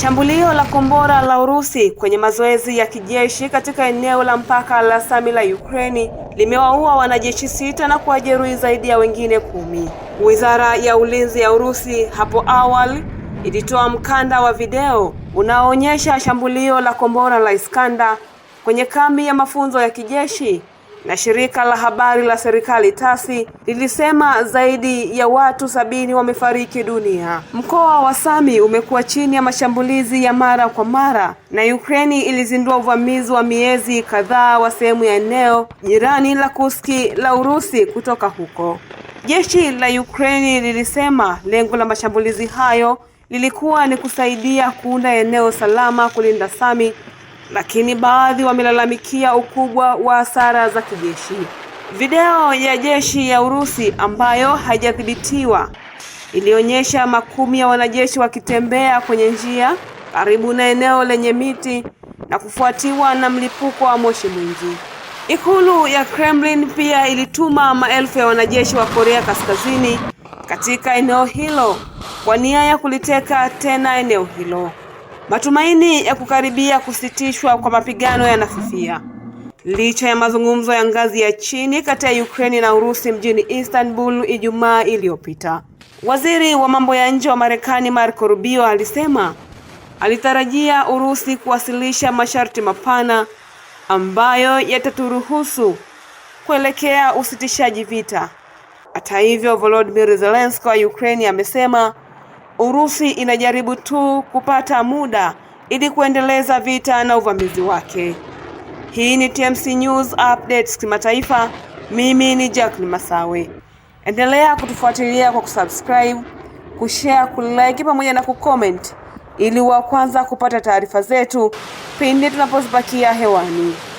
Shambulio la kombora la Urusi kwenye mazoezi ya kijeshi katika eneo la mpaka la Sami la Ukraini limewaua wanajeshi sita na kuwajeruhi zaidi ya wengine kumi. Wizara ya Ulinzi ya Urusi hapo awali ilitoa mkanda wa video unaoonyesha shambulio la kombora la Iskanda kwenye kambi ya mafunzo ya kijeshi na shirika la habari la serikali TASI lilisema zaidi ya watu sabini wamefariki dunia. Mkoa wa Sami umekuwa chini ya mashambulizi ya mara kwa mara na Ukraini ilizindua uvamizi wa miezi kadhaa wa sehemu ya eneo jirani la Kuski la Urusi kutoka huko. Jeshi la Ukraini lilisema lengo la mashambulizi hayo lilikuwa ni kusaidia kuunda eneo salama kulinda Sami lakini baadhi wamelalamikia ukubwa wa hasara za kijeshi. Video ya jeshi ya Urusi ambayo haijathibitiwa ilionyesha makumi ya wanajeshi wakitembea kwenye njia karibu na eneo lenye miti na kufuatiwa na mlipuko wa moshi mwingi. Ikulu ya Kremlin pia ilituma maelfu ya wanajeshi wa Korea Kaskazini katika eneo hilo kwa nia ya kuliteka tena eneo hilo. Matumaini ya kukaribia kusitishwa kwa mapigano yanafifia licha ya mazungumzo ya ngazi ya chini kati ya Ukraine na Urusi mjini Istanbul Ijumaa iliyopita. Waziri wa mambo ya nje wa Marekani Marco Rubio alisema alitarajia Urusi kuwasilisha masharti mapana ambayo yataturuhusu kuelekea usitishaji vita. Hata hivyo, Volodymyr Zelensky wa Ukraine amesema Urusi inajaribu tu kupata muda ili kuendeleza vita na uvamizi wake. Hii ni TMC News Updates kimataifa. Mimi ni Jacqueline Masawe. Endelea kutufuatilia kwa kusubscribe, kushare, kulike pamoja na kucomment ili wa kwanza kupata taarifa zetu pindi tunapozipakia hewani.